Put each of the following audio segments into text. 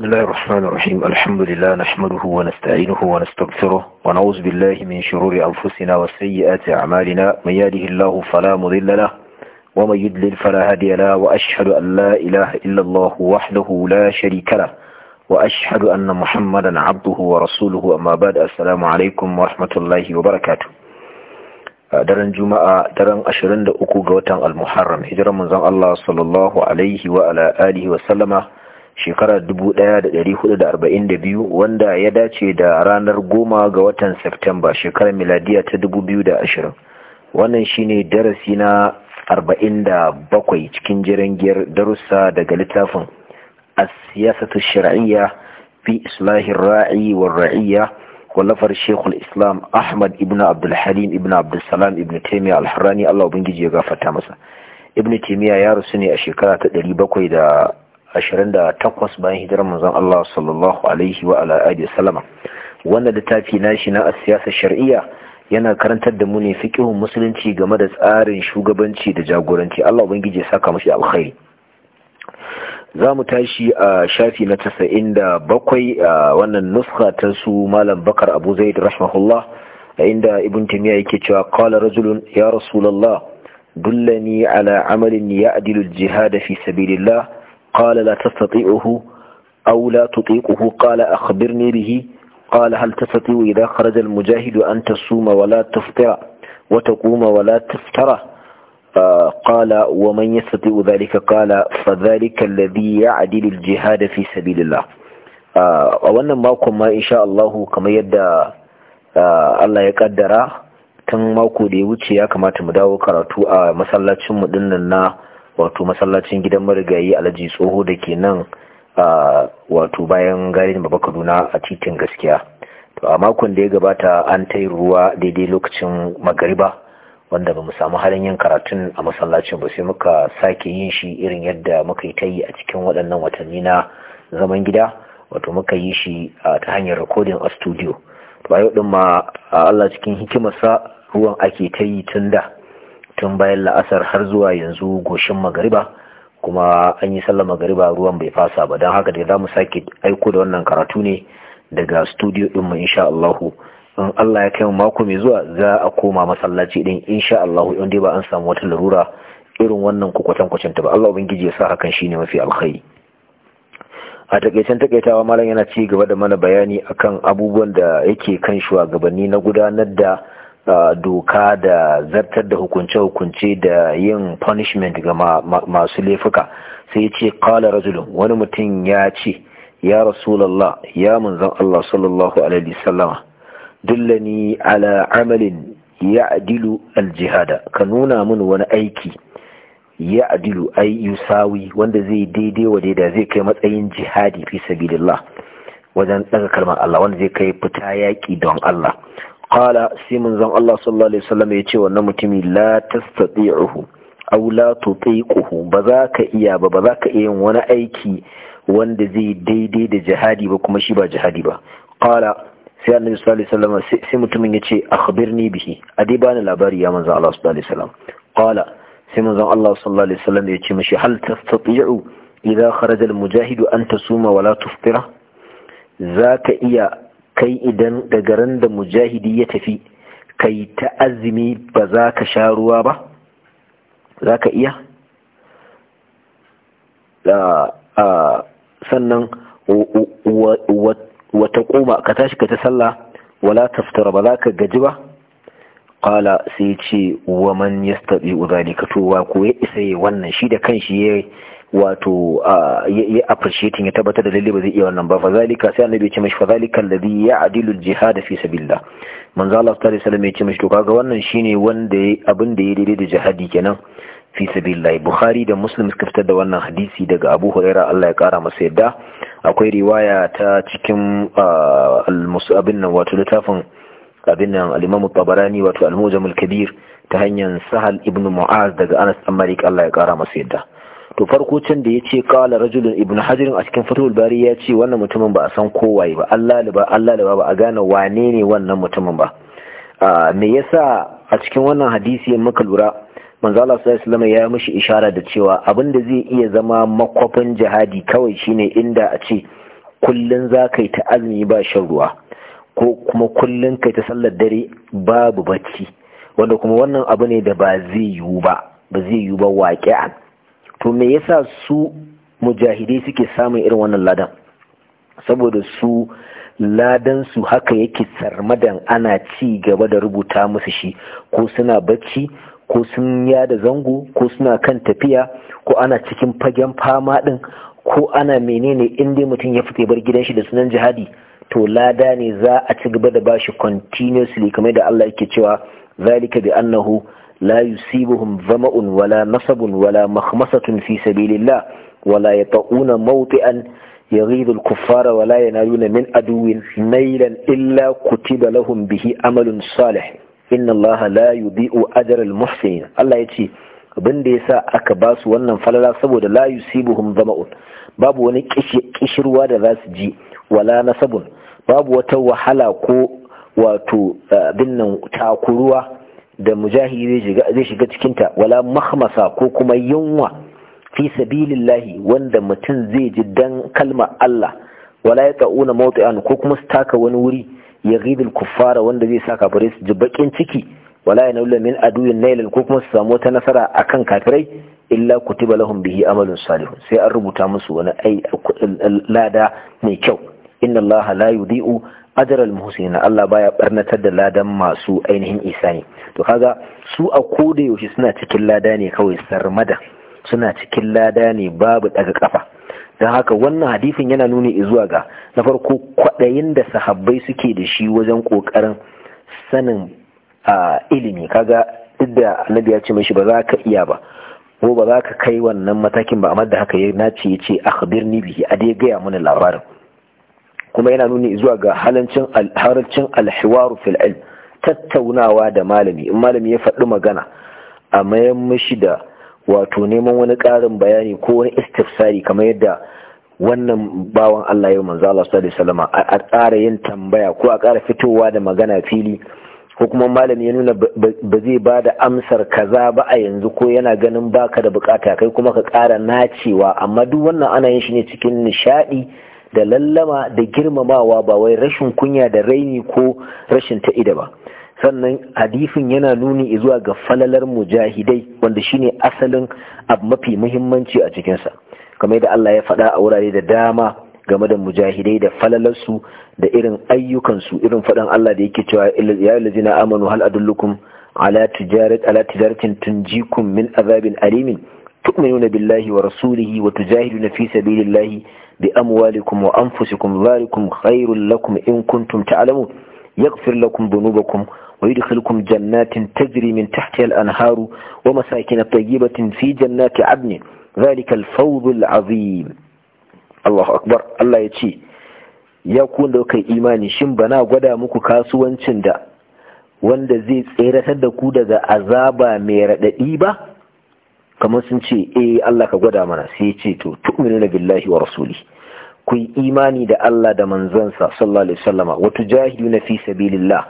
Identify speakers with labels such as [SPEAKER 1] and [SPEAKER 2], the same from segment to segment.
[SPEAKER 1] بسم الله الرحمن الرحيم الحمد لله نحمده ونستعينه ونستغفره ونعوذ بالله من شرور أنفسنا وسيئات أعمالنا من يهده الله فلا مضل له ومن يدلل فلا هادي له وأشهد أن لا إله إلا الله وحده لا شريك له وأشهد أن محمدا عبده ورسوله أما بعد السلام عليكم ورحمة الله وبركاته daren juma'a daren 23 ga watan al-muharram hijirar manzon Allah sallallahu alaihi wa ala alihi wa sallama shekarar 1442 wanda ya dace da ranar 10 ga watan Septemba shekarar miladiya ta 2020 wannan shine darasi na 47 cikin jirangiyar darussa daga littafin asiyasatu shar'iyya fi islahin ra'i wa ra'iyya wallafar shekul islam ahmad ibn abdulhalim ibn abdulsalam ibn taimiyya alharani allah ubangiji ya gafata masa ibn taimiyya ya rasu ne a shekara ta 700 takwas bayan hijirar manzon Allah sallallahu alaihi wa ala alihi sallama wannan littafi nashi na siyasar shar'iyya yana karantar da mu ne fiqhun musulunci game da tsarin shugabanci da jagoranci Allah ubangiji ya saka mashi alkhairi za mu tashi a shafi na 97 a wannan nuskha ta su malam bakar abu zaid rahimahullah inda ibn timiya yake cewa qala rajulun ya rasulullah dullani ala amalin ya'dilu al-jihad fi sabilillah قال لا تستطيعه أو لا تطيقه قال أخبرني به قال هل تستطيع إذا خرج المجاهد أن تصوم ولا تفطر وتقوم ولا تفتره قال ومن يستطيع ذلك قال فذلك الذي يعدل الجهاد في سبيل الله a wannan makon ma insha Allah kamar yadda Allah ya kaddara tun mako da ya wuce ya kamata mu dawo karatu a masallacin mu dinnan na wato masallacin gidan marigayi alhaji tsoho da ke nan a wato bayan garin baba kaduna a titin gaskiya to a makon da ya gabata an ta ruwa daidai lokacin magariba wanda ba mu samu halin yin karatun a masallacin ba sai muka sake yin shi irin yadda muka yi ta yi a cikin waɗannan watanni na zaman gida wato muka yi shi ta hanyar rikodin a studio to a yau ɗin ma Allah cikin hikimarsa ruwan ake ta yi tun da tun bayan la'asar har zuwa yanzu goshin magariba kuma an yi sallar magariba ruwan bai fasa ba don haka da za mu sake aiko da wannan karatu ne daga studio ɗinmu insha Allahu in Allah ya kai mu mako mai zuwa za a koma masallaci din insha Allahu in dai ba an samu wata larura irin wannan kukwatan kwacin ta ba Allah ubangiji ya sa hakan shine mafi alkhairi a takaicen takaitawa malam yana ci gaba da mana bayani akan abubuwan da yake kan shugabanni na gudanar da doka da zartar da hukunce-hukunce da yin punishment ga masu laifuka sai ce kala rajulun wani mutum ya ce ya rasulallah ya munzan Allah sallallahu alaihi sallama dullani ala amalin ya adilu aljihada ka nuna min wani aiki ya adilu ai yusawi wanda zai daidai wa daida zai kai matsayin jihadi fi sabilillah wajen daga kalmar Allah wanda zai kai fita yaƙi don Allah qala sai manzon Allah sallallahu alaihi wasallam ya ce wannan mutumi la tastati'uhu aw la tutiquhu ba za ka iya ba ba za ka iya yin wani aiki wanda zai daidai da jihadi ba kuma shi ba jihadi ba qala sai annabi sallallahu alaihi wasallam sai mutumin yace akhbirni bihi adai bani labari ya manzon Allah sallallahu alaihi wasallam qala sai manzon Allah sallallahu alaihi wasallam ce mishi hal tastati'u idza kharaja al mujahidu an tasuma wa la tuftira ka iya kai idan daga ran da mujahidi ya tafi kai ta azumi ba za ka sha ruwa ba za ka iya sannan wata koma ka tashi ka ta sallah wala taftara ba za ka gaji ba kala sai ce wa man yastabi uzalika to wa ko ya isa wannan shi da kanshi ya wato ya appreciating ya tabbatar da lalle ba zai iya wannan ba fazalika sai annabi ya ce mishi fazalika alladhi ya'dilu al-jihad fi sabilillah manzo Allah sallallahu alaihi wasallam ya ce mishi to kaga wannan shine wanda abin da ya daidai da jihadi kenan fi sabilillah bukhari da muslim suka fitar da wannan hadisi daga abu huraira Allah ya kara masa yadda akwai riwaya ta cikin al-musabin nan wato littafin abin nan al-imam tabarani wato al-mujam kabir ta hanyar sahal ibnu mu'az daga anas amarik Allah ya kara masa yadda to farko can da ya ce kala rajulun ibn hajirin a cikin fatahul bari ya ce wannan mutumin ba a san kowaye ba Allah liba ba a gane wane ne wannan mutumin ba me yasa a cikin wannan hadisi ya maka lura manzo Allah sallallahu alaihi ya mishi ishara da cewa abin da zai iya zama makwafin jihadi kawai shine inda a ce kullun za kai ta azumi ba shan ruwa ko kuma kullun kai ta sallar dare babu bacci wanda kuma wannan abu ne da ba zai yiwu ba ba zai yiwu ba waƙi'an to me yasa su mujahidai suke samun irin wannan ladan saboda su ladan su haka yake sarmadan ana ci gaba da rubuta musu shi ko suna bacci ko sun yada zango ko suna kan tafiya ko ana cikin fagen fama din ko ana menene inda mutum ya fita bar gidan shi da sunan jihadi to lada ne za a ci gaba da bashi continuously kamar da Allah yake cewa zalika bi annahu لا يصيبهم ظمأ ولا نصب ولا مخمصة في سبيل الله ولا يطؤون موطئا يغيظ الكفار ولا ينالون من عدو نيلا إلا كتب لهم به عمل صالح إن الله لا يضيء أجر المحسنين الله يتي abin da yasa aka ba su wannan falala saboda la yusibuhum zama'un babu wani kishirwa da za su ji wala nasabun babu wata wahala ko wato abin nan takuruwa da mujahidi zai shiga cikinta wala mahmasa ko kuma yunwa fi sabilillahi wanda mutum zai ji dan kalma Allah wala ya ta'una mawtu'an, ko kuma su taka wani wuri ya ghidul kuffara wanda zai sa bare su ji bakin ciki wala ya naula min aduyin nailan ko kuma su samu wata nasara akan kafirai illa kutiba lahum bihi amalun salihun sai an rubuta musu wani ai lada mai kyau inna allaha la yudi'u ajral muhsinin Allah baya barnatar da ladan masu ainihin isani to kaga su a koda yaushe suna cikin lada ne kawai sarmada suna cikin lada ne babu daga kafa don haka wannan hadisin yana nuni zuwa ga na farko kwaɗayin da sahabbai suke da shi wajen kokarin sanin a ilimi kaga duk da annabi ya ce shi ba za ka iya ba ko ba za ka kai wannan matakin ba amma da haka ya nace ya ce akhbirni bihi a dai gaya mana labarin kuma yana nuni zuwa ga halancin alharancin alhiwaru fil ilm tattaunawa da malami in malami ya faɗi magana a mayan mishi da wato neman wani ƙarin bayani ko wani istifsari kamar yadda wannan bawan Allah yau manzo Allah sallallahu alaihi wasallam a ƙara yin tambaya ko a ƙara fitowa da magana fili ko kuma malami ya nuna ba zai ba da amsar kaza ba a yanzu ko yana ganin baka da bukata kai kuma ka ƙara nacewa amma duk wannan ana yin shi ne cikin nishaɗi da lallama da girmamawa ba wai rashin kunya da raini ko rashin ta'ida ba sannan hadifin yana nuni zuwa ga falalar mujahidai wanda shine asalin abu mafi muhimmanci a cikinsa kamar da Allah ya faɗa a wurare da dama game da mujahidai da falalarsu da irin ayyukansu irin faɗan Allah da yake cewa ya yi amanu hal adullukum ala tijaratin tunjikum min azabin alimin tukminuna billahi wa rasulihi wa tujahiduna fi sabilillahi بأموالكم وأنفسكم ذلكم خير لكم إن كنتم تعلمون يغفر لكم ذنوبكم ويدخلكم جنات تجري من تحتها الأنهار ومساكن طيبة في جنات عدن ذلك الفوز العظيم الله أكبر الله يتشي ya kun da kai imani shin bana gwada muku kasuwancin da wanda zai tseratar da ku daga azaba mai raɗaɗi ba kamar sun ce e Allah ka gwada mana sai ya ce to na billahi wa rasuli ku yi imani da Allah da manzansa sallallahu alaihi wasallama wa na fi sabilillah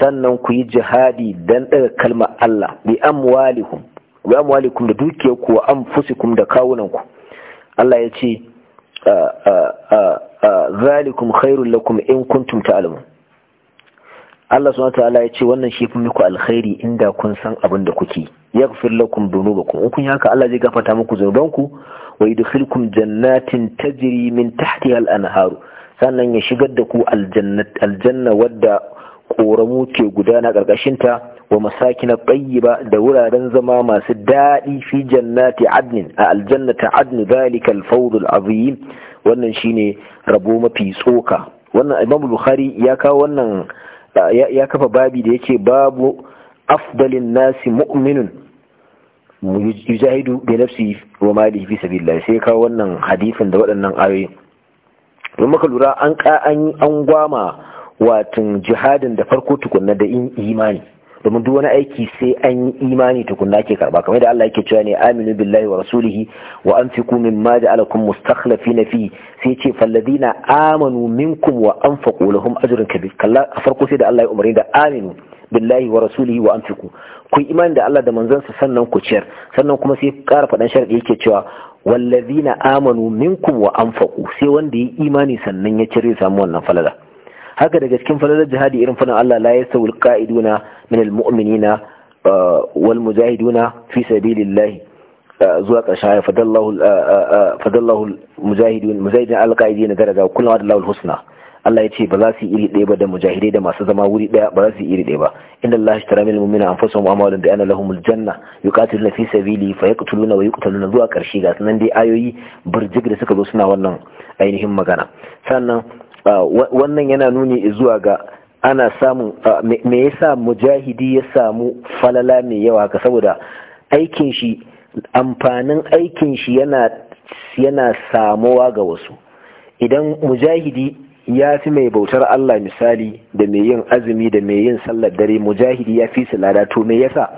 [SPEAKER 1] sannan ku yi jihadi dan daga kalmar Allah bi amwalikum bi amwalikum da ku wa anfusikum da kawunanku Allah ya ce zalikum khairul lakum in kuntum ta'lamun Allah subhanahu ta'ala ya ce wannan shi fi muku alkhairi inda kun san abin da kuke yaghfir lakum dhunubakum in kun yi haka Allah zai gafarta muku zunubanku wa yudkhilkum jannatin tajri min tahtiha al-anharu sannan ya shigar da ku aljanna wadda koramu ke gudana ƙarƙashinta wa masakina tayyiba da wuraren zama masu daɗi fi jannati adnin a aljannata adni zalika alfawdul azim wannan shine rabo mafi tsoka wannan imam bukhari ya kawo wannan ya kafa babi da yake babu afdalin nasi mu'minun yujahidu bi nafsi wa mali fi sabilillah sai kawo wannan hadisin da waɗannan ayoyi don maka lura an ka an gwama watan jihadin da farko tukunna da imani domin duk wani aiki sai an yi imani tukunna ake karba kamar da Allah yake cewa ne aminu billahi wa rasulihi wa anfiqu mimma ja'alakum mustakhlifina fi sai ce falladina amanu minkum wa anfaqu lahum ajrun kabir kalla a farko sai da Allah ya umarni da aminu billahi wa rasulihi wa anfiqu ku imani da Allah da manzansa sannan ku ciyar sannan kuma sai ƙara faɗan sharadi yake cewa wallazina amanu minkum wa anfaqu sai wanda ya imani sannan ya cire samu wannan falala haka daga cikin falalar jihadi irin fadin Allah la wal qa'iduna min mu'minina uh, wal mujahiduna fi sabilillah uh, zuwa ƙarshen aya fadallahu uh, fadallahu mujahidun mujahidin qa'idina daraja kullu wadallahu husna Allah ya ce ba za su yi iri ɗaya ba da mujahidai da masu zama wuri ɗaya ba za su yi iri ɗaya ba inda Allah shi taramil mu'mina anfusahum amalan da ana lahumul janna yuqatiluna fi sabili fa yaqtuluna wa yuqtaluna zuwa ƙarshe ga sanan dai ayoyi burjig da suka zo suna wannan ainihin magana sannan wannan yana nuni zuwa ga ana samun me yasa mujahidi ya samu falala mai yawa ka? saboda aikin shi amfanin aikin shi yana yana samuwa ga wasu idan mujahidi ya fi mai bautar Allah misali da mai yin azumi da mai yin sallar dare mujahidi ya fi su lada to me yasa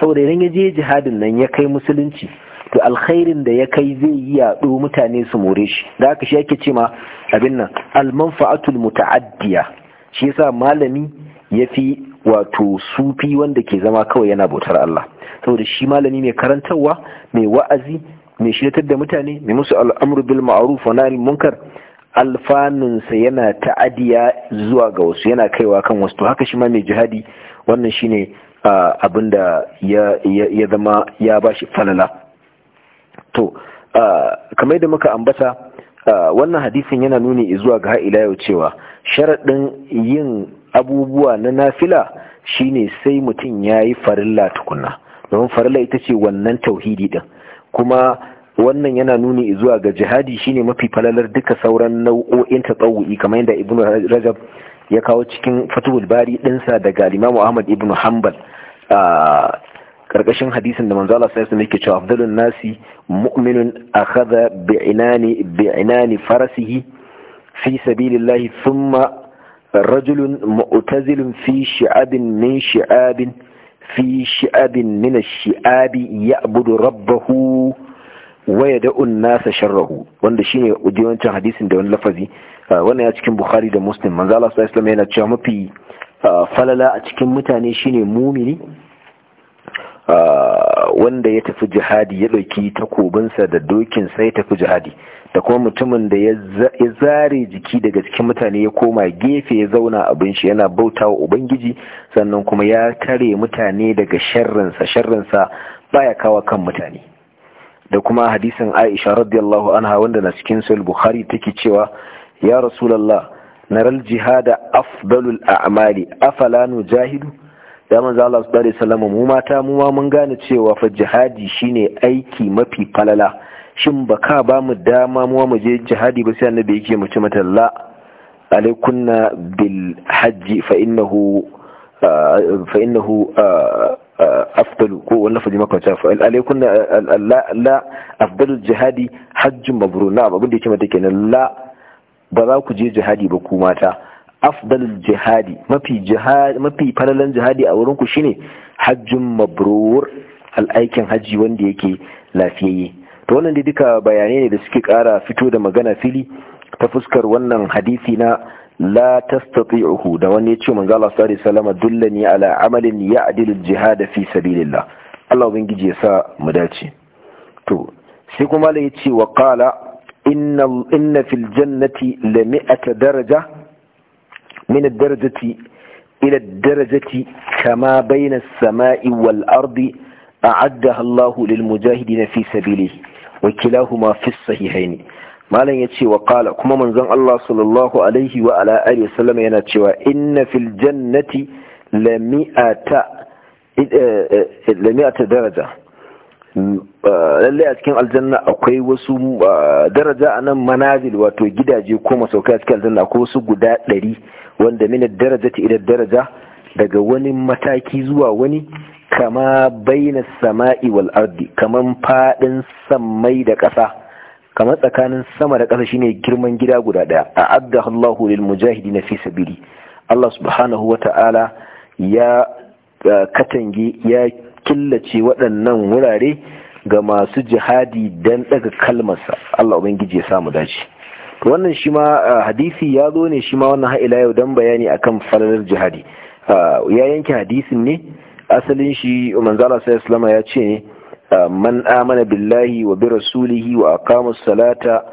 [SPEAKER 1] saboda idan ya je jihadin nan ya kai musulunci to alkhairin da ya kai zai yi yaɗo mutane su more shi da aka shi ake ce ma abin nan almanfa'atul muta'addiya shi yasa malami ya fi wato sufi wanda ke zama kawai yana bautar Allah saboda shi malami mai karantarwa mai wa'azi mai shirtar da mutane mai musu al'amru bil ma'ruf wa nahy munkar alfanunsa yana ta'addiya zuwa ga wasu yana kaiwa kan wasu to haka shi ma mai jihadi wannan shine ah, abinda ya zama ya bashi falala to kamar da muka ambata wannan hadisin yana nuni zuwa ga ila yau cewa sharaɗin yin abubuwa na nafila shine sai mutum ya yi farilla tukunna domin farilla ita ce wannan tauhidi din kuma wannan yana nuni zuwa ga jihadi shine mafi falalar duka sauran nau'o'in ta tsawo'i kamar yadda ibnu rajab ya kawo cikin fatuhul bari dinsa daga limamu ahmad ibnu hanbal karkashin hadisin da manzo Allah sallallahu alaihi wasallam yake cewa afdalun nasi mu'minun akhadha bi'inani bi'inani farasihi fi sabilillahi thumma رجل معتزل في شعب من شعاب في شعب من الشعاب يعبد ربه ويدع الناس شره wanda shine udiyancin hadisin da wani lafazi wannan ya cikin Bukhari da Muslim manzo Allah sallallahu alaihi wasallam yana cewa mafi falala a cikin mutane shine mumini wanda ya tafi jihadi ya ɗauki takobinsa da dokin sai tafi jihadi da kuma mutumin da ya zare jiki daga cikin mutane ya koma gefe ya zauna abin shi yana bauta wa ubangiji sannan kuma ya kare mutane daga sharrinsa sharrinsa baya kawa kan mutane da kuma hadisin aisha radiyallahu anha wanda na cikin sul bukhari take cewa ya rasulallah naral jihada afdalul a'mali afala nujahidu jahidu ya manzo Allah sallallahu alaihi wasallam mu mata mu ma mun gane cewa fa jihadi shine aiki mafi falala shin baka ba mu dama mu mu je jihadi ba sai annabi yake mu ci mata la alaikunna bil hajji fa innahu fa innahu afdal ko wannan fa jimaka ta fa alaikunna la la afdalu jihadi hajjun mabrur na abin da yake mata kenan la ba za ku je jihadi ba ku mata Afdal jihadi mafi jihadi, mafi falalan jihadi a wurin ku shine hajjun mabrur al'aikin haji wanda yake lafiyayye to wannan dai duka bayanai ne da suke kara fito da magana fili ta fuskar wannan hadisi na la tastati'uhu da wani yace ce manzo Allah sallallahu alaihi wasallam dullani ala amalin ya'dilu jihada fi sabilillah Allah ubangiji ya sa mu dace to sai kuma la yace wa qala inna inna fil jannati la mi'ata daraja من الدرجة إلى الدرجة كما بين السماء والأرض أعدها الله للمجاهدين في سبيله وكلاهما في الصحيحين ما لن يتشي وقال كما من زن الله صلى الله عليه وعلى آله وسلم يناتشي وإن في الجنة لمئة لمئة درجة Lallai a cikin aljanna akwai wasu daraja a nan manazil wato gidaje ko masaukai a cikin aljanna akwai wasu guda ɗari wanda minar daraja ta idan daraja daga wani mataki zuwa wani kama baina sama'i wal ardi kaman fadin sammai da ƙasa kamar tsakanin sama da ƙasa shine girman gida guda ɗaya a adda Allahu lil na fi sabili Allah subhanahu wa ta'ala ya eh, katange ya killace waɗannan wurare ga masu jihadi don daga kalmarsa Allah ubangiji ya samu dace to wannan shi ma hadisi ya zo ne shi ma wannan ha'ila yau dan bayani akan falalar jihadi ya yanke hadisin ne asalin shi manzala sai Salama ya ce ne man amana billahi wa bi rasulihi wa aqama salata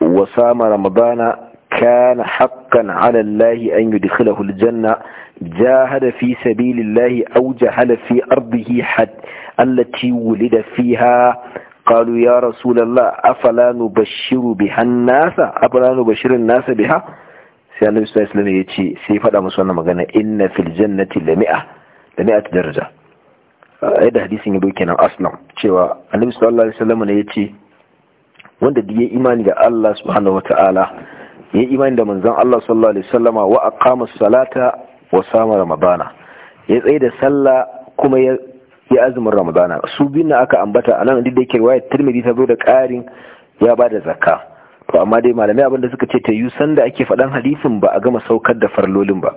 [SPEAKER 1] wa sama ramadana kana haqqan ala allahi an yudkhilahu aljanna jahada fi sabilillahi أو جهل في أرضه حد التي ولد فيها قالوا يا رسول الله أفلا نبشر بها الناس أفلا نبشر الناس بها sai annabi sallallahu alaihi wasallam yace sai faɗa musu wannan magana inna fil jannati lami'a lami'a daraja ai da hadisin yabo kenan aslam cewa annabi sallallahu yace wanda duk yayi imani da Allah subhanahu wataala yayi imani da manzon Allah sallallahu alaihi wasallama wa aqama salata wa sama ramadana ya tsaye da sallah kuma ya yi azumin ramadana su biyu na aka ambata a nan da yake riwayar tirmidhi ta zo da ƙarin ya ba da zakka to amma dai malamai abin da suka ce ta yi sanda ake faɗan hadisin ba a gama saukar da farlolin ba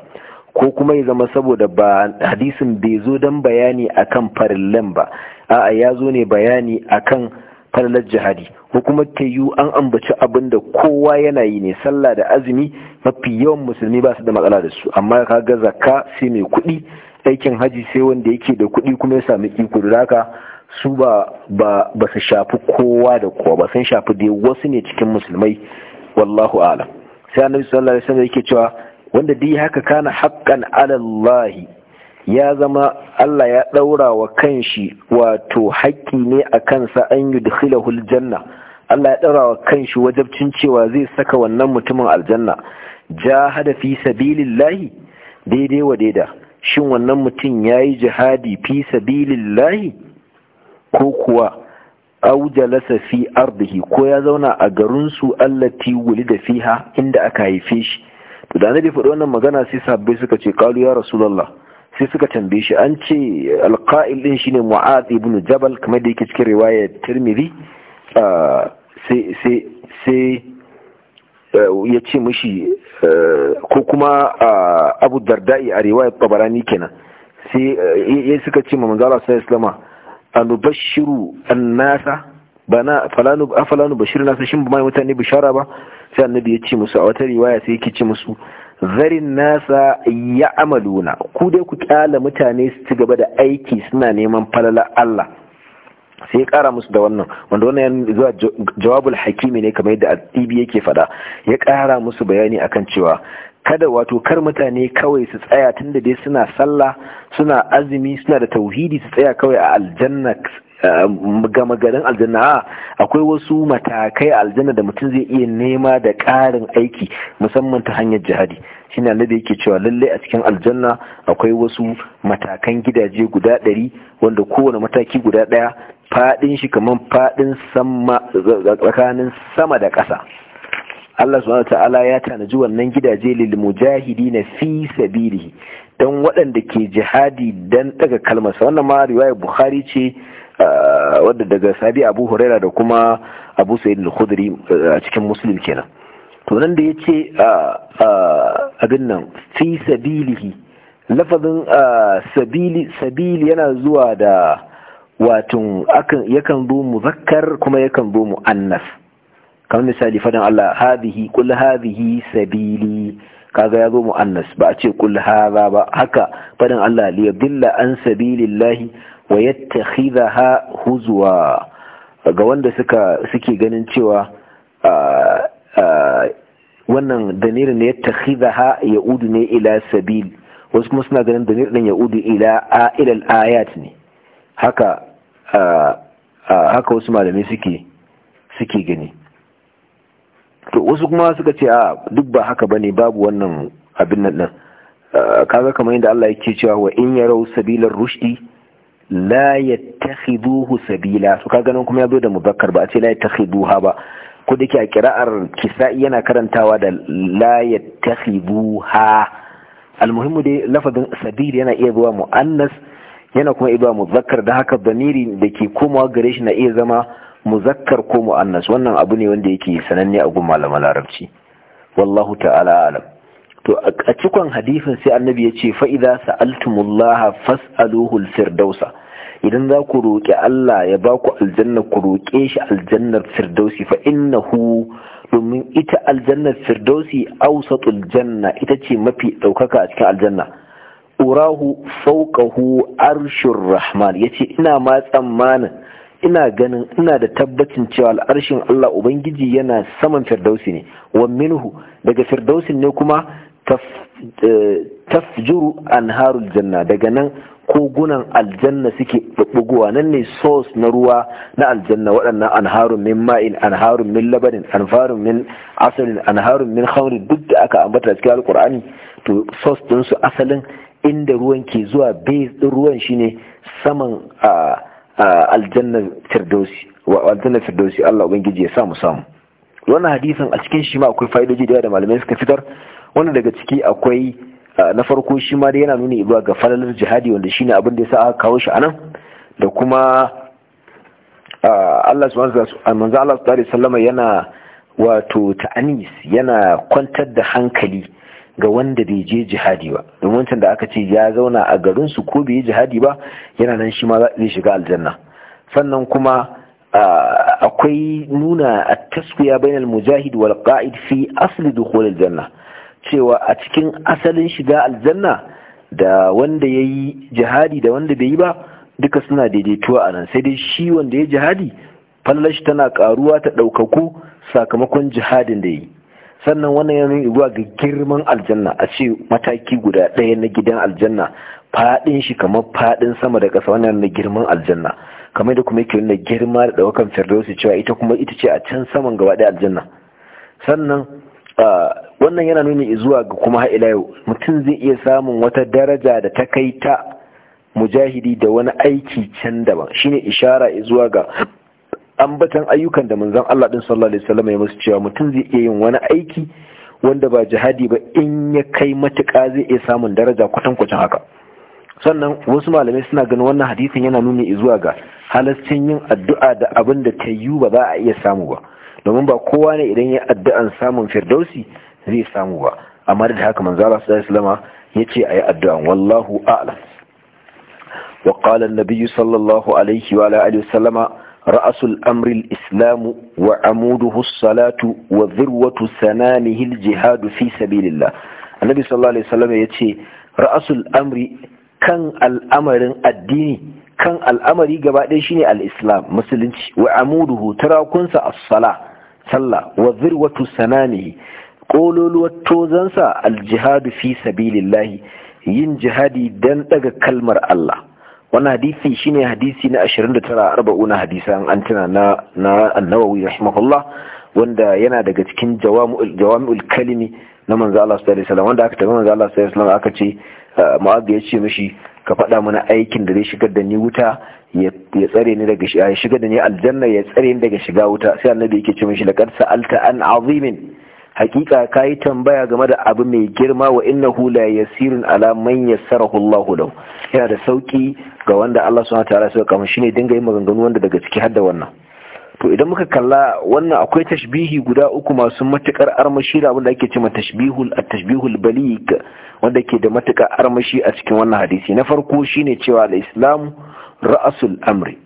[SPEAKER 1] ko kuma ya zama saboda ba hadisin bai zo don bayani akan farillan ba a'a ya zo ne bayani akan farillar jihadi ko kuma ta an ambaci abin da kowa yana yi ne sallah da azumi mafi yawan musulmi ba su da matsala da su amma ka ga zakka sai mai kuɗi aikin haji sai wanda yake da kuɗi kuma ya sami iko da haka su ba ba su shafi kowa da kowa ba sun shafi dai wasu ne cikin musulmai wallahu alam sai annabi sallallahu alaihi wasallam yake cewa wanda dai haka kana haqqan ala Allah ya zama Allah ya daura wa kanshi wato haƙƙi ne a kansa an yudkhilahu janna. Allah ya dara wa kanshi wajabcin cewa zai saka wannan mutumin aljanna jahada fi sabilillahi daidai wa daida shin wannan mutum yayi jihadi fi sabilillahi ko kuwa au jalasa fi ardihi ko ya zauna a garin su allati wulida fiha inda aka haife shi to da na faɗi wannan magana sai sabbai suka ce qalu ya rasulullah sai suka tambaye shi an ce alqa'il din shine mu'adh ibn jabal kamar da yake cikin riwayar tirmidhi ah, sai eh, ya ce mashi eh, ko kuma ah, abu dardai a riwayar tabarani kenan sai eh, ya suka ce mamman zala sai islama a nubashiru an nasa ba falanu afalanu bashiru nasa shin ba mai mutane bishara ba sai annabi ya ce musu a wata riwaya sai yake ce musu zarin nasa ya amaluna ku dai ku kyala mutane su ci gaba da aiki suna neman falala Allah sai ya kara musu da wannan wanda wannan ya zuwa jawabul hakimi ne kamar yadda adibi yake fada ya kara musu bayani akan cewa kada wato kar mutane kawai su tsaya tunda dai suna sallah suna azumi suna da tauhidi su tsaya kawai a aljanna gama garin aljanna akwai wasu matakai aljanna da mutum zai iya nema da ƙarin aiki musamman ta hanyar jihadi Shi na nada yake cewa lalle a cikin aljanna akwai wasu matakan gidaje guda ɗari wanda kowane mataki guda ɗaya faɗin shi kamar faɗin tsakanin sama da ƙasa Allah subhanahu ta'ala ya tanaji wannan gidaje lil mujahidin fi sabilihi dan waɗanda ke jihadi dan daga kalmarsa wannan ma riwaya Buhari ce Wadda daga sabi abu huraira da kuma abu Sayyid al-khudri a cikin muslim kenan to nan da yace abin nan fi sabilihi lafazin sabili sabili yana zuwa da watun akan yakan zo muzakkar kuma yakan zo muannas kamar misali fadan Allah hadhihi hadhihi sabili kaga ya zo mu'annas ba a ce kul hadha ba haka faɗin Allah liyadilla an sabilillahi wa ha huzwa ga wanda suka suke ganin cewa wannan danir ne yattakhidha udu ne ila sabil wasu kuma suna ganin damir din udu ila ila ayat ne haka haka wasu malami suke suke gani to wasu kuma suka ce a duk ba haka bane babu wannan abin nan kaga kamar yadda Allah yake cewa wa in yarau sabilar rushdi la yattakhiduhu sabila to kaga nan kuma yazo da muzakkar ba a ce la yattakhiduha ba ko dake a kira'ar kisa'i yana karantawa da la yattakhiduha almuhimmu dai lafazin sabil yana iya zuwa muannas yana kuma iya muzakkar da haka damiri da ke komawa gare shi na iya zama muzakkar ko muannas wannan abu ne wanda yake sananne a gun malaman larabci wallahu ta'ala alam to a cikon hadisin sai annabi ya ce fa'iza sa'altumullaha fas'aluhul firdausa idan za ku roƙi Allah ya ba ku aljanna ku roƙe shi aljannar firdausi fa innahu domin ita aljannar firdausi ausatul janna ita ce mafi ɗaukaka a cikin aljanna urahu fauqahu arshur rahman yace ina ma tsammanin ina ganin ina da tabbacin cewa Arshin Allah ubangiji yana saman firdausi ne wa minhu daga firdausin ne kuma Eh, tafjuru anharul janna daga nan kogunan aljanna suke buguwa nan ne source na ruwa na aljanna waɗannan anharun min ma'in anharun min labanin anharun min asalin anharun min khamrin duk da aka ambata cikin alkur'ani to source din su asalin inda ruwan ke zuwa base din ruwan shine saman aljanna firdausi wa aljanna firdausi Allah ubangiji ya samu samu wannan hadisin a cikin shi ma akwai fa'idoji da yawa da malamai suka fitar wanda daga ciki akwai na farko shi ma dai yana nuna zuwa ga falalar jihadi wanda shine abin da yasa aka kawo shi anan da kuma Allah subhanahu wa ta'ala yana wato ta'anis yana kwantar da hankali ga wanda bai je jihadi ba domin da aka ce ya zauna a garin su ko bai jihadi ba yana nan shi ma zai shiga aljanna sannan kuma akwai nuna at-taswiya bainal mujahid wal qa'id fi asli dukhul aljanna cewa a cikin asalin shiga aljanna da wanda ya yi jihadi da wanda bai yi ba duka suna daidaituwa a nan sai dai shi wanda ya jihadi fallashi tana karuwa ta ɗaukaku sakamakon jihadin da yi sannan wannan ya nuna ga girman aljanna a ce mataki guda ɗaya na gidan aljanna faɗin shi kamar faɗin sama da ƙasa wannan na girman aljanna kamar da kuma yake nuna girma da ɗaukan firdausi cewa ita kuma ita ce a can saman gaba ɗaya aljanna sannan ah, wannan yana nuni zuwa ga kuma ila yau mutum zai iya samun wata daraja da ta kai ta mujahidi da wani aiki can daban shine ishara zuwa ga ambatan ayyukan da manzon Allah din sallallahu alaihi wasallam ya musu cewa mutum zai iya yin wani aiki wanda ba jihadi ba in ya kai matuka zai iya samun daraja kwatankwacin haka sannan wasu malamai suna ganin wannan hadisin yana nuni zuwa ga halascin yin addu'a da abin da ta yi ba za a iya samu ba domin ba kowa ne idan ya addu'an samun firdausi zai samu ba amma da haka manzara su zai ya ce a yi addu'an. wallahu ala wa ƙala nabiyu sallallahu alaihi wa ala’adu ra’asul amril islamu wa amudu hussalatu wa zirwatu jihadu fi sabilinla annabi sallallahu alaihi sallama ya ce ra’asul amri kan al’amarin addini kan al’amari gaba ɗin shi ne al’islam musulunci wa'amudu amudu hutarakunsa a sallah wazirwatu wa kololuwar tozansa aljihadu fi sabilillahi yin jihadi dan daga kalmar Allah Wani hadisi shine hadisi na 29 arba'una hadisan an tana na annawawi an rahimahullah wanda yana daga cikin jawami'ul kalimi na manzo Allah sallallahu alaihi wanda aka tabbata manzo Allah sallallahu alaihi aka ce ah, Mu'adh ya ce mishi ka faɗa mana aikin da zai shigar da ni wuta ya tsare ni daga ya shigar da ni aljanna ya tsare ni daga shiga wuta sai annabi yake ce mishi laqad sa'alta an azimin hakika ka yi tambaya game da abu mai girma wa innahu la yasirun ala man yassarahu Allahu lahu yana da sauki ga wanda Allah subhanahu wataala ya kama ne dinga yin maganganu wanda daga ciki har da wannan to idan muka kalla wannan akwai tashbihi guda uku masu matukar armashi da abin da ake cewa tashbihul at-tashbihul baligh wanda ke da matukar armashi a cikin wannan hadisi na farko shine cewa al-islam ra'asul amri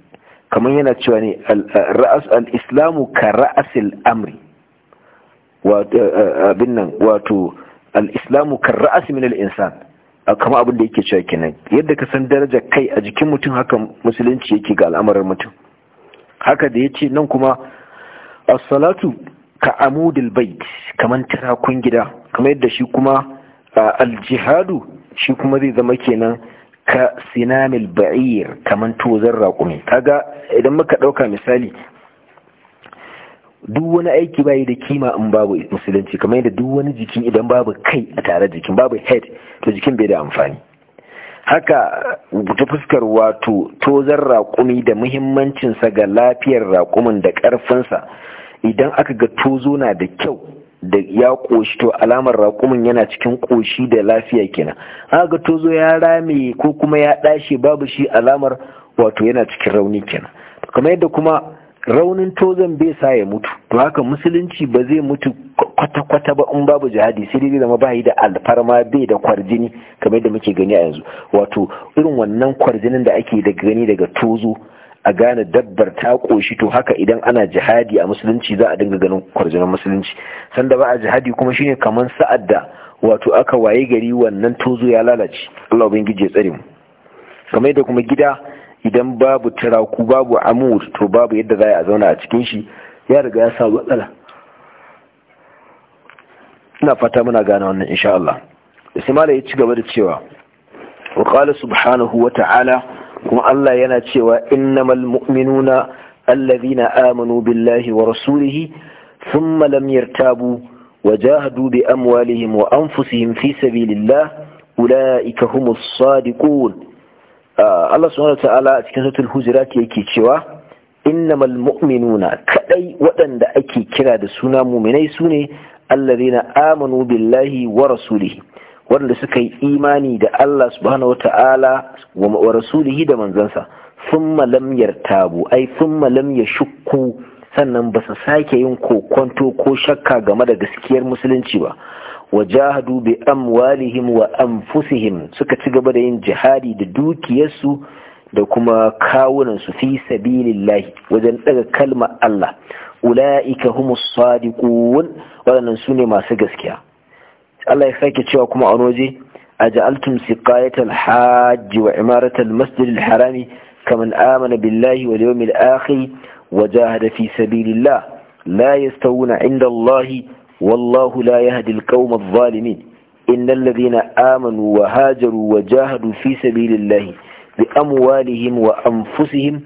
[SPEAKER 1] kamar yana cewa ne ra'as al-islamu ka ra'asil amri Eh, eh, abin nan wato al'islamu kan ra'asi min al'insan kama abin da yake cewa kenan yadda ka san daraja kai a jikin mutum haka musulunci yake ga al'amarin mutum haka da ya ce nan kuma as-salatu ka amudil bait kamar tarakun gida kamar yadda shi kuma al-jihadu shi kuma zai zama kenan ka sinamil ba'ir kamar tozar raƙumi kaga idan muka ɗauka misali duk wani aiki bai da kima in babu musulunci kamar yadda duk wani jiki idan babu kai a tare jikin babu head to jikin bai da amfani haka ta fuskar wato tozar raƙumi da muhimmancinsa ga lafiyar raƙumin da ƙarfinsa idan aka ga tozo na da kyau da ya ƙoshi to alamar raƙumin yana cikin ƙoshi da lafiya kenan aka ga tozo ya rame ko kuma ya ɗashe babu shi alamar wato yana cikin rauni kenan kamar yadda kuma raunin tozon bai sa ya mutu to haka musulunci ba zai mutu kwata-kwata ba in babu jihadi sai dai zama bayi da alfarma bai da kwarjini kamar da muke gani a yanzu wato irin wannan kwarjinin da ake da gani daga tozo a gane dabbar ta koshi to haka idan ana jihadi a musulunci za a dinga ganin kwarjinin musulunci sanda ba a jihadi kuma shine kamar sa'ad da wato aka waye gari wannan tozo ya lalace Allah ubangiji ya tsare mu kamar yadda kuma gida idan babu turaku babu amur to babu yadda za a zauna a cikin shi ya riga ya sa matsala ina fata muna gane wannan insha Allah isma'ila ya ci gaba da cewa wa qala subhanahu wa ta'ala kuma Allah yana cewa innamal mu'minuna alladhina amanu billahi wa rasulihi thumma lam yartabu wa jahadu bi amwalihim wa anfusihim fi sabilillah أولئك humus sadiƙun. Allah subhanahu ta'ala a cikin suratul hujurat yake cewa innamal mu'minuna kadai waɗanda ake kira da suna mu'minai sune allazina amanu billahi wa rasulihi waɗanda suka yi imani da Allah subhanahu ta'ala wa rasulihi da manzansa thumma lam yartabu ai thumma lam yashukku sannan ba su sake yin kokonto ko shakka game da gaskiyar musulunci ba wajahadu bi amwalihim wa anfusihim suka ci gaba da yin jihadi da dukiyarsu da kuma kawunansu fi sabilillahi wajen daga kalma Allah ula'ika humus sadiqun waɗannan sune masu gaskiya Allah ya sake cewa kuma a waje aja'altum siqayatal hajji wa imaratal masjidil harami kaman amana billahi wal yawmil akhir wa jahada fi sabilillah la yastawuna inda Allahi والله لا يهدي القوم الظالمين إن الذين آمنوا وهاجروا وجاهدوا في سبيل الله بأموالهم وأنفسهم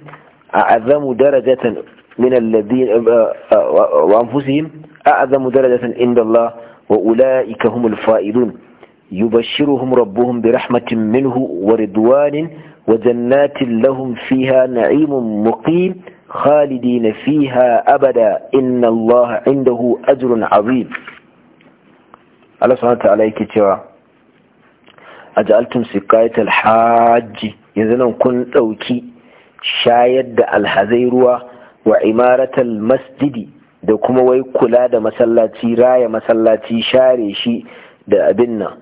[SPEAKER 1] أعظم درجة من الذين آه، آه، آه، وأنفسهم أعظم درجة عند الله وأولئك هم الفائزون يبشرهم ربهم برحمة منه ورضوان وجنات لهم فيها نعيم مقيم خالدين فيها أبدا إن الله عنده أجر عظيم الله سبحانه وتعالى يكتوى أجعلتم سقاية الحاج يزنون كن أوكي شايد الحزيروة وعمارة المسجد da kuma wai kula da masallaci raya masallaci share shi da abin nan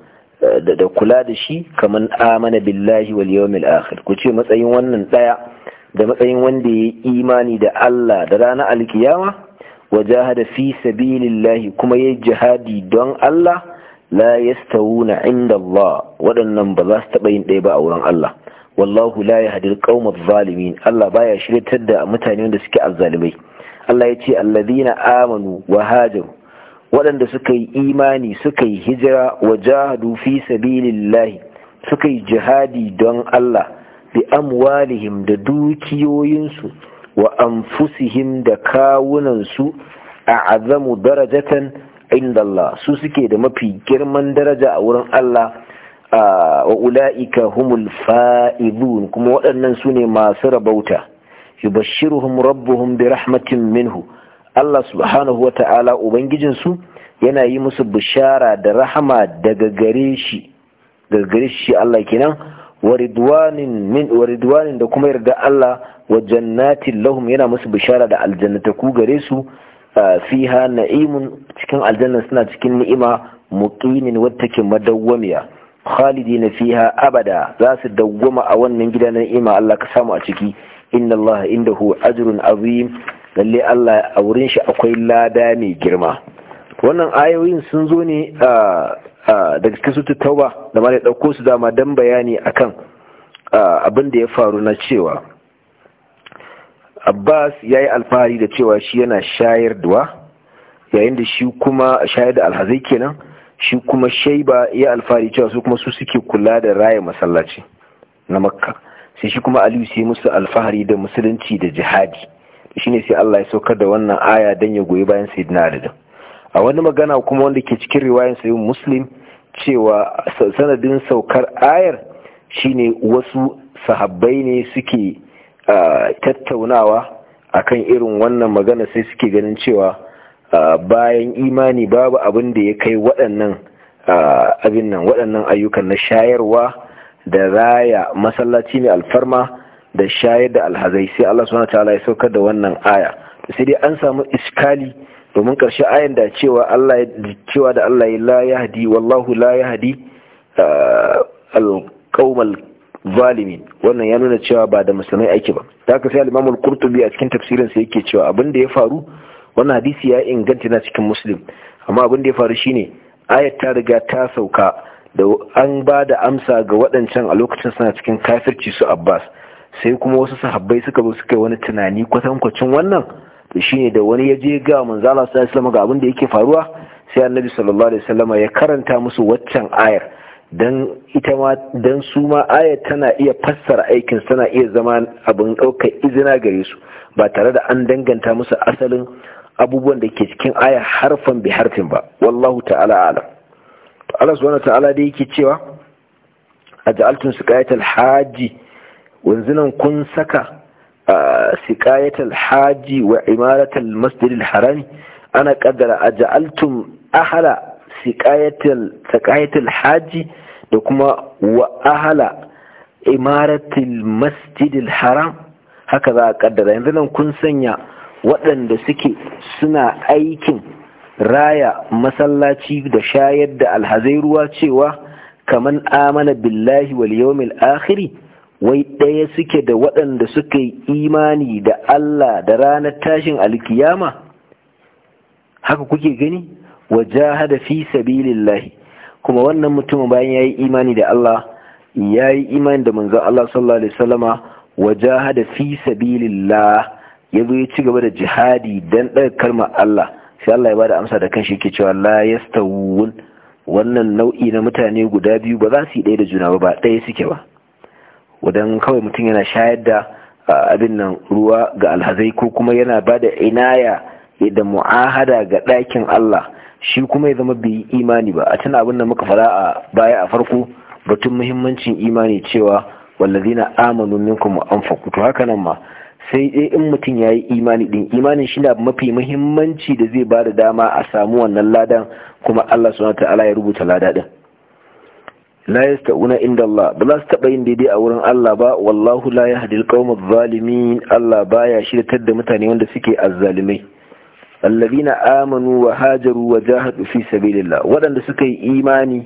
[SPEAKER 1] da kula da shi kamar amana billahi wal yawmil akhir ku ce matsayin wannan daya da matsayin wanda ya yi imani da Allah da ranar alkiyama wa jahada fi sabilillahi kuma ya jihadi don Allah la yastawuna inda Allah waɗannan ba za su taɓa yin ɗaya ba a wurin Allah wallahu la yahdi alqawma adh Allah baya shiryatar da mutane wanda suke azzalimai Allah ya ce alladhina amanu wa hajaru waɗanda suka yi imani suka yi hijira wa jahadu fi sabilillahi suka yi jihadi don Allah bi amwalihim da dukiyoyinsu wa anfusihim da kawunansu a azamu darajatan inda Allah su suke da mafi girman daraja a wurin Allah wa ula'ika humul fa'idun kuma waɗannan su ne masu rabauta yubashshiruhum rabbuhum bi rahmatin minhu Allah subhanahu wa ta'ala ubangijinsu yana yi musu bishara da rahama daga gare shi daga gare shi Allah kenan waridwanin da kuma yarda Allah wa jannatin lahum yana musu bishara da aljannataku gare su fiha na'imun cikin aljanna suna cikin ni'ima muƙinin wadda ke madawwamiya na fiha abada za su dawwama a wannan gida na ni'ima Allah ka samu a ciki inna Allah indahu ajrun azim lalle Allah a wurin shi akwai lada mai girma wannan ayoyin sun zo ne daga kasutu tauba da ma da ɗauko su dama don bayani akan abin da ya faru na cewa abbas ya yi alfahari da cewa shi yana shayar duwa yayin da shi kuma shayar da alhazai kenan shi kuma shaiba ya alfahari cewa su kuma su suke kula da raya masallaci na makka sai shi kuma aliyu sai musu alfahari da musulunci da jihadi ne sai allah ya saukar da wannan aya don ya goyi bayan da adadin a wani magana kuma wanda ke cikin riwayan sayin muslim cewa sanadin saukar ayar shine wasu sahabbai ne suke tattaunawa akan irin wannan magana sai suke ganin cewa bayan imani babu abin da ya kai waɗannan abin nan waɗannan ayyukan na shayarwa da raya masallaci mai alfarma da shayar da alhazai sai Allah subhanahu wataala ya saukar da wannan aya sai dai an samu iskali domin karshe ayan da cewa Allah cewa da Allah la yahdi wallahu la yahdi ah, al-qaumal zalimin wannan ya nuna cewa ba da musulmai aiki ba da ka sai al-Imam al-Qurtubi a cikin tafsirin sa yake cewa abin da ya faru wannan hadisi ya inganta na cikin Muslim amma abin da ya faru shine ayat ta riga ta sauka da an ba da amsa ga waɗancan a lokacin suna cikin kafirci su Abbas sai kuma wasu sahabbai suka zo suka yi wani tunani kwatankwacin wannan to shine da wani ya je ga manzo Allah sallallahu alaihi wasallam ga abin da yake faruwa sai annabi sallallahu alaihi wasallam ya karanta musu waccan ayar dan ita ma dan su ma ayar tana iya fassara aikin tana iya zama abin daukar izina gare su ba tare da an danganta musu asalin abubuwan da ke cikin ayar harfan bi harfin ba wallahu ta'ala alam Allah subhanahu ta'ala da yake cewa aj'altum siqayatal haji wanzinan kun saka سقاية الحاج وعمارة المسجد الحرام أنا قدر أجعلتم أهل سقاية سقاية الحاج وكما وأهل إمارة المسجد الحرام هكذا قدر عندنا كن سنيا waɗanda suke suna aikin raya masallaci da shayar da alhazai ruwa cewa kaman amana billahi wal yawmil akhiri wai ɗaya suke da waɗanda suka yi imani da Allah da ranar tashin alkiyama haka kuke gani wajahada fi sabilillahi kuma wannan mutumin bayan yayi imani da Allah yayi imani da manzon Allah sallallahu alaihi wasallama jahada fi sabilillah yazo ya ci gaba da jihadi dan ɗaga kalmar Allah sai Allah ya bada amsa da kanshi yake cewa la yastawun wannan nau'i na mutane guda biyu ba za su yi ɗaya da juna ba ba ɗaya suke ba wadan kawai mutum yana shayar da abin nan ruwa ga alhazai ko kuma yana ba da inaya da mu'ahada ga ɗakin Allah shi kuma ya zama bai imani ba a tana abin da muka fara a baya a farko batun muhimmancin imani cewa wallazina amanu minkum wa anfaqu to haka nan ma sai dai in mutum ya yi imani din imanin shi na mafi muhimmanci da zai ba da dama a samu wannan ladan kuma Allah subhanahu wa ta'ala ya rubuta lada din la yasta'una inda Allah ba za su taba yin daidai a wurin Allah ba wallahu la yahdi alqawma adh Allah baya shirtar da mutane wanda suke azzalimai alladhina amanu wa hajaru wa jahadu fi sabilillah wadanda suka yi imani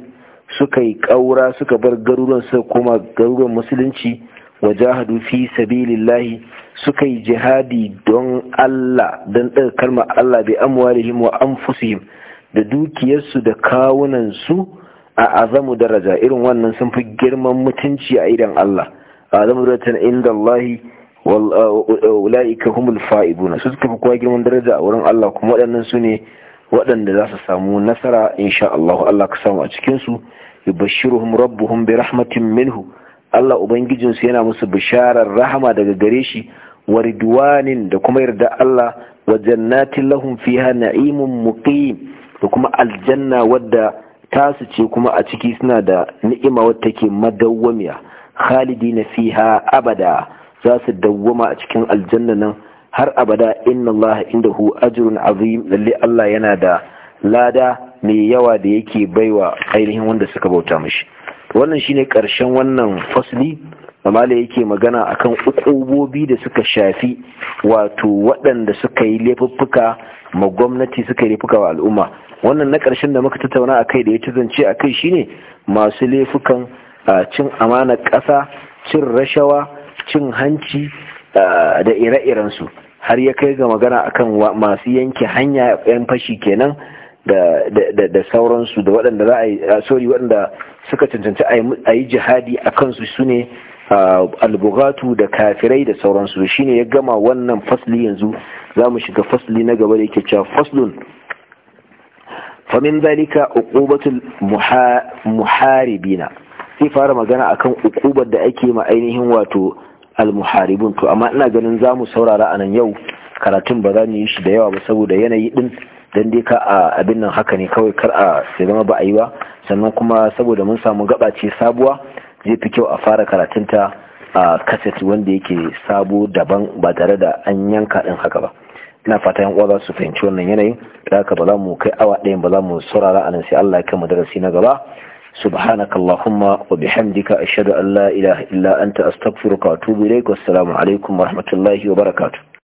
[SPEAKER 1] suka yi kaura suka bar garuruwan su kuma garuruwan musulunci wa jahadu fi sabilillah suka yi jihadi don Allah don daga kalmar Allah bi amwalihim wa anfusihim da dukiyarsu da kawunan su a azamu daraja irin wannan sun fi girman mutunci a idan Allah azamu daraja inda Allah ulaika humul fa'iduna su suka fi kowa girman daraja a wurin Allah kuma waɗannan su ne waɗanda za su samu nasara insha Allah Allah ka samu a cikin su bashiruhum rabbuhum bi rahmatin minhu Allah ubangijinsu yana musu bisharar rahama daga gare shi wa da kuma yarda Allah wa jannatin lahum fiha na'imun muqim da kuma aljanna wadda tasu ce kuma a ciki suna da ni'ima wadda take madawwamiya khalidi na fiha abada za su dawwama a cikin aljanna nan har abada inna Allah hu! ajrun azim lalle Allah yana da lada mai yawa da yake baiwa ainihin wanda suka bauta mashi. wannan shine karshen wannan fasli da yake magana akan ukubobi da suka shafi wato waɗanda suka yi laifuffuka ma gwamnati suka yi laifuka wa al'umma wannan na ƙarshen da muka tattauna a kai da ya ci zance a kai shine masu laifukan cin amanar ƙasa cin rashawa cin hanci da ire-irensu har ya kai ga magana akan masu yanke hanya yan fashi kenan da sauransu da waɗanda za a yi sorry waɗanda suka cancanci a yi jihadi a kansu su ne albugatu da kafirai da sauransu shine ya gama wannan fasli yanzu za mu shiga fasli na gaba da yake cewa faslun famin zalika muharibi na. zai fara magana akan ukubar da ake ma ainihin wato almuharibun to amma ina ganin zamu saurara a nan yau karatun ba za mu yi shi da yawa ba saboda yanayi din dan dai ka a abin nan haka ne kawai kar a sai zama ba a yi ba sannan kuma saboda mun samu gaba sabuwa zai fi kyau a fara karatunta a kaset wanda yake sabo daban ba tare da an yanka din haka ba ina fata yan uwa za su fahimci wannan yanayin da ka ba za mu kai awa ɗayan ba za mu saurara anan sai Allah ya kai madarasi na gaba subhanaka allahumma wa bihamdika ashhadu an la ilaha illa anta astaghfiruka wa atubu ilaik wa assalamu alaikum wa rahmatullahi wa barakatuh